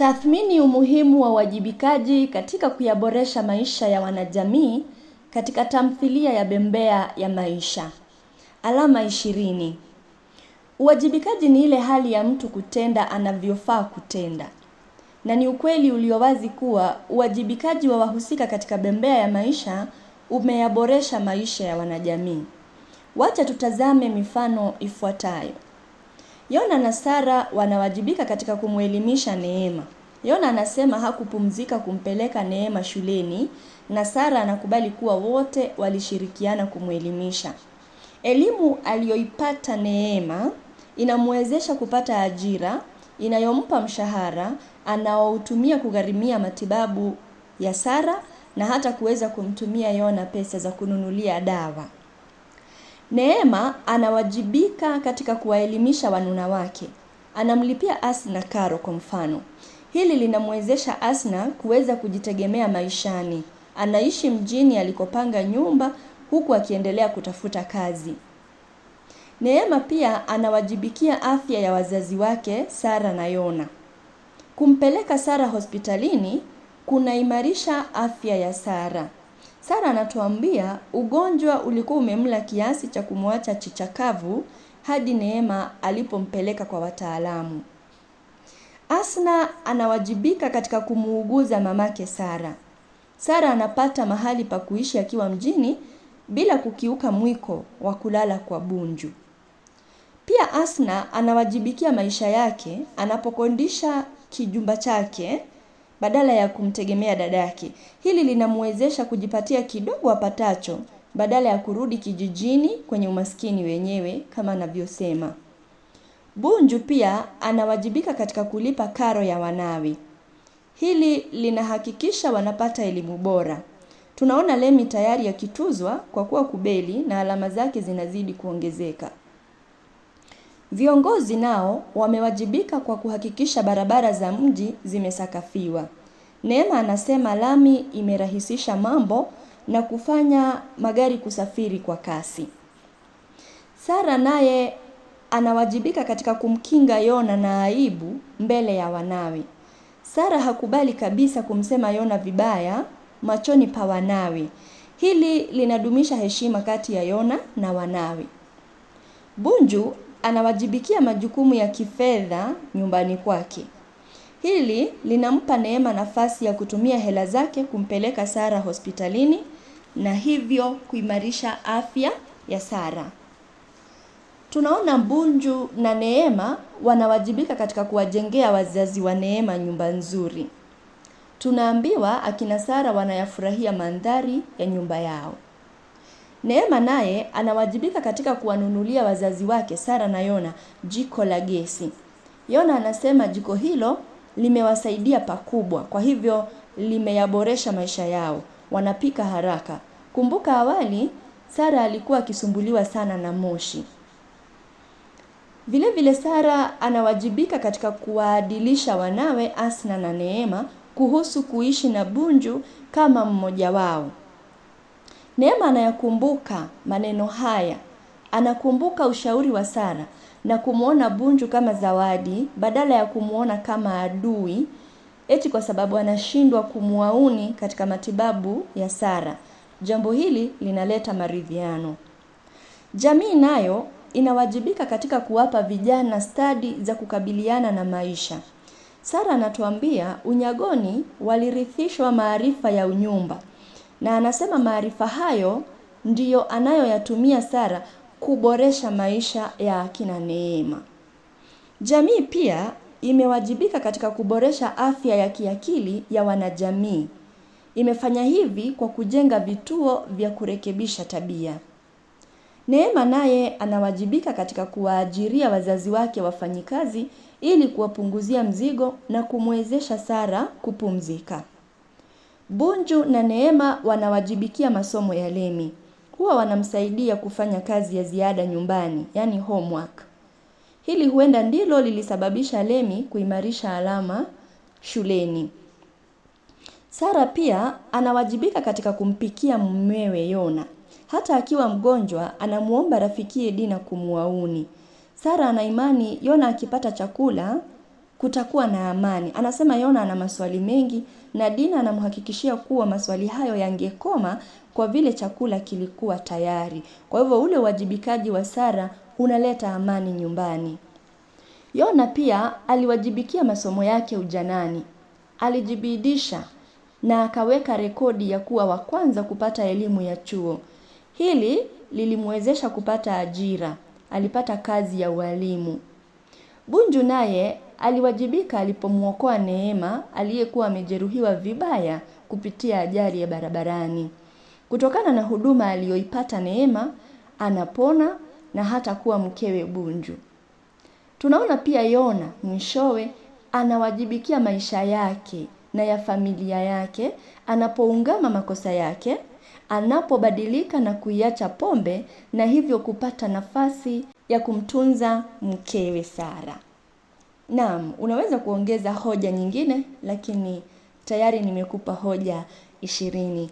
Tathmini umuhimu wa uwajibikaji katika kuyaboresha maisha ya wanajamii katika tamthilia ya Bembea ya Maisha. Alama ishirini. Uwajibikaji ni ile hali ya mtu kutenda anavyofaa kutenda. Na ni ukweli ulio wazi kuwa uwajibikaji wa wahusika katika Bembea ya Maisha umeyaboresha maisha ya wanajamii. Wacha tutazame mifano ifuatayo. Yona na Sara wanawajibika katika kumwelimisha Neema. Yona anasema hakupumzika kumpeleka Neema shuleni na Sara anakubali kuwa wote walishirikiana kumwelimisha. Elimu aliyoipata Neema inamwezesha kupata ajira inayompa mshahara anaoutumia kugharimia matibabu ya Sara na hata kuweza kumtumia Yona pesa za kununulia dawa. Neema anawajibika katika kuwaelimisha wanuna wake. Anamlipia Asna karo kwa mfano. Hili linamwezesha Asna kuweza kujitegemea maishani. Anaishi mjini alikopanga nyumba huku akiendelea kutafuta kazi. Neema pia anawajibikia afya ya wazazi wake Sara na Yona. Kumpeleka Sara hospitalini kunaimarisha afya ya Sara. Sara anatuambia ugonjwa ulikuwa umemla kiasi cha kumwacha chichakavu hadi Neema alipompeleka kwa wataalamu. Asna anawajibika katika kumuuguza mamake Sara. Sara anapata mahali pa kuishi akiwa mjini bila kukiuka mwiko wa kulala kwa Bunju. Pia Asna anawajibikia maisha yake anapokondisha kijumba chake badala ya kumtegemea dadake. Hili linamwezesha kujipatia kidogo apatacho badala ya kurudi kijijini kwenye umaskini wenyewe kama anavyosema. Bunju pia anawajibika katika kulipa karo ya wanawe. Hili linahakikisha wanapata elimu bora. Tunaona Lemi tayari akituzwa kwa kuwa kubeli na alama zake zinazidi kuongezeka. Viongozi nao wamewajibika kwa kuhakikisha barabara za mji zimesakafiwa. Neema anasema lami imerahisisha mambo na kufanya magari kusafiri kwa kasi. Sara naye anawajibika katika kumkinga Yona na aibu mbele ya wanawe. Sara hakubali kabisa kumsema Yona vibaya machoni pa wanawe. Hili linadumisha heshima kati ya Yona na wanawe. Bunju anawajibikia majukumu ya kifedha nyumbani kwake. Hili linampa Neema nafasi ya kutumia hela zake kumpeleka Sara hospitalini na hivyo kuimarisha afya ya Sara. Tunaona Bunju na Neema wanawajibika katika kuwajengea wazazi wa Neema nyumba nzuri. Tunaambiwa akina Sara wanayafurahia mandhari ya nyumba yao. Neema naye anawajibika katika kuwanunulia wazazi wake Sara na Yona jiko la gesi. Yona anasema jiko hilo limewasaidia pakubwa, kwa hivyo limeyaboresha maisha yao. Wanapika haraka. Kumbuka awali Sara alikuwa akisumbuliwa sana na moshi. Vile vile Sara anawajibika katika kuwaadilisha wanawe Asna na Neema kuhusu kuishi na Bunju kama mmoja wao. Neema anayakumbuka maneno haya, anakumbuka ushauri wa Sara na kumwona Bunju kama zawadi badala ya kumwona kama adui, eti kwa sababu anashindwa kumwauni katika matibabu ya Sara. Jambo hili linaleta maridhiano. Jamii nayo inawajibika katika kuwapa vijana stadi za kukabiliana na maisha. Sara anatuambia unyagoni walirithishwa maarifa ya unyumba na anasema maarifa hayo ndiyo anayoyatumia Sara kuboresha maisha ya akina Neema. Jamii pia imewajibika katika kuboresha afya ya kiakili ya wanajamii. Imefanya hivi kwa kujenga vituo vya kurekebisha tabia. Neema naye anawajibika katika kuwaajiria wazazi wake wafanyikazi ili kuwapunguzia mzigo na kumwezesha Sara kupumzika. Bunju na Neema wanawajibikia masomo ya Lemi. Huwa wanamsaidia kufanya kazi ya ziada nyumbani, yani homework. Hili huenda ndilo lilisababisha Lemi kuimarisha alama shuleni. Sara pia anawajibika katika kumpikia mumewe Yona. Hata akiwa mgonjwa, anamuomba rafikie Dina kumuauni. Sara ana imani Yona akipata chakula kutakuwa na amani. Anasema Yona ana maswali mengi na Dina anamhakikishia kuwa maswali hayo yangekoma kwa vile chakula kilikuwa tayari. Kwa hivyo ule uwajibikaji wa Sara unaleta amani nyumbani. Yona pia aliwajibikia masomo yake ujanani. Alijibidisha na akaweka rekodi ya kuwa wa kwanza kupata elimu ya chuo. Hili lilimwezesha kupata ajira. Alipata kazi ya ualimu. Bunju naye aliwajibika alipomwokoa Neema aliyekuwa amejeruhiwa vibaya kupitia ajali ya barabarani. Kutokana na huduma aliyoipata Neema, anapona na hata kuwa mkewe Bunju. Tunaona pia Yona mwishowe anawajibikia maisha yake na ya familia yake anapoungama makosa yake, anapobadilika na kuiacha pombe na hivyo kupata nafasi ya kumtunza mkewe Sara. Naam, unaweza kuongeza hoja nyingine, lakini tayari nimekupa hoja ishirini.